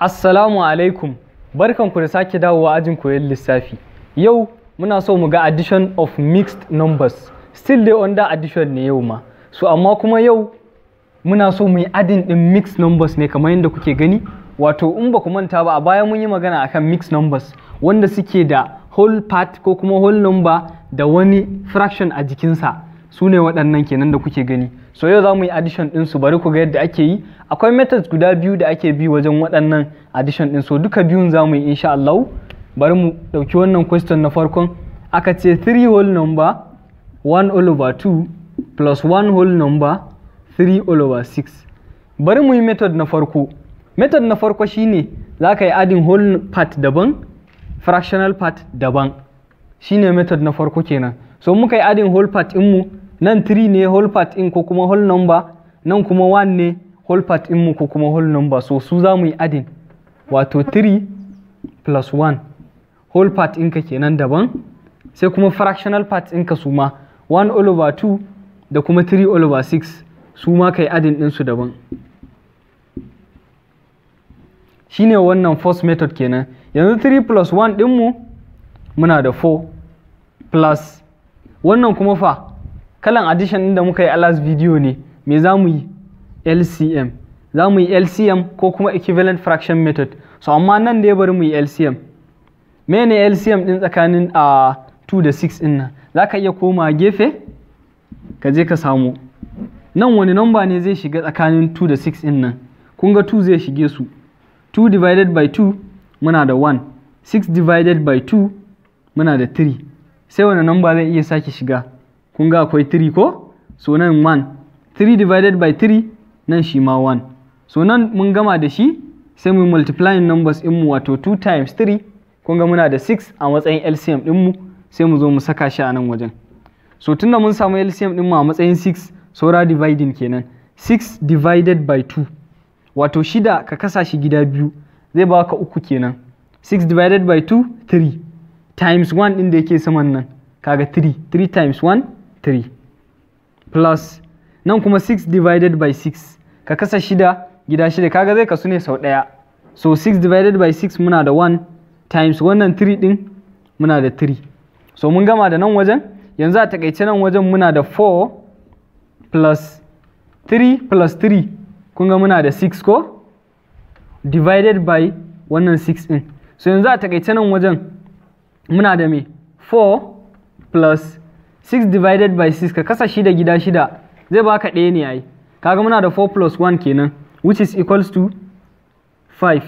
Assalamu alaikum, barkanku da sake dawowa ajin koyon lissafi. Yau muna so mu ga addition of mixed numbers, still dai under addition ne yau ma. So amma kuma yau muna so mu yi adin ɗin mixed numbers ne kamar yadda kuke gani. Wato in ba ku manta ba a baya mun yi magana akan mixed numbers wanda suke da whole part ko kuma whole number da wani fraction a jikinsa. su ne waɗannan kenan da kuke gani so yau za mu yi addition ɗin su bari ku ga yadda ake yi akwai methods guda biyu da ake bi wajen waɗannan addition ɗin so duka biyun za mu yi insha Allah bari mu ɗauki wannan question na farkon aka ce 3 whole number 1 all over 2 plus 1 whole number 3 all over 6 bari mu yi method na farko method na farko shine za ka yi adin whole part daban fractional part daban shine method na farko kenan so muka yi adin whole part mu nan 3 ne whole part in ko kuma whole number nan kuma 1 ne whole part in mu ko kuma whole number so su za mu yi adin wato 3 plus 1 whole part in ka kenan daban sai kuma fractional part in ka su ma 1 all over 2 da kuma 3 all over 6 su ma ka yi adin ɗinsu daban shine wannan first method kenan yanzu 3 plus 1 ɗinmu muna da 4 plus wannan kuma fa kalan addition da muka yi a last video ne me za mu yi LCM za mu yi LCM ko kuma equivalent fraction method so amma nan da ya bari mu yi LCM mene LCM din tsakanin a 2 da 6 din nan za ka iya koma gefe ka je ka samu nan wani number ne zai shiga tsakanin 2 da 6 din nan kun ga 2 zai shige su 2 divided by 2 muna da 1 6 divided by 2 muna da 3 sai wani number zai iya sake shiga kun ga akwai 3 ko so nan 1 3 divided by 3 nan shi ma 1 so nan mun gama da shi sai mu multiplying numbers mu wato 2 times 3 kun ga muna da 6 a matsayin LCM ɗinmu sai mu zo mu saka shi a nan wajen so tunda mun samu LCM mu a matsayin 6 saura dividing kenan 6 divided by 2 wato shida ka kasa shi gida biyu zai ba ka uku kenan 6 divided by 2 3 times 1 ɗin da yake saman nan kaga 3 3 times 1 3 plus nan kuma 6 divided by 6 ka kasa 6 gida 6 kaga zai kasu ne sau daya so 6 divided by 6 muna da 1 times wannan 3 din muna da 3 so mun gama da nan wajen yanzu a takaice nan wajen muna da 4 plus 3 plus 3 kunga muna da 6 ko divided by wannan 6 din so yanzu a takaice nan wajen muna da me 4 plus 6 divided by 6 ka kasa shida gida shida zai baka ɗaya ne ai kaga muna da 4 plus 1 kenan which is equals to 5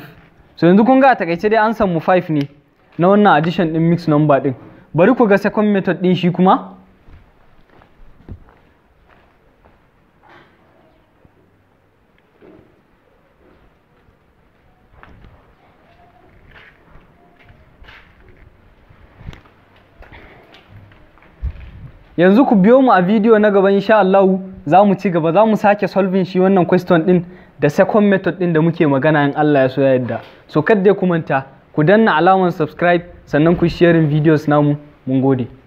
so yanzu kun ga a takaice dai an samu 5 ne na wannan addition din mixed number din bari ku ga second method din shi kuma yanzu ku biyo mu a bidiyo na gaba insha Allah za mu ci gaba za mu sake solving shi wannan question din da second method din da muke magana in Allah ya so ya yarda so kada ku manta ku danna alamar subscribe sannan ku sharing videos namu mun gode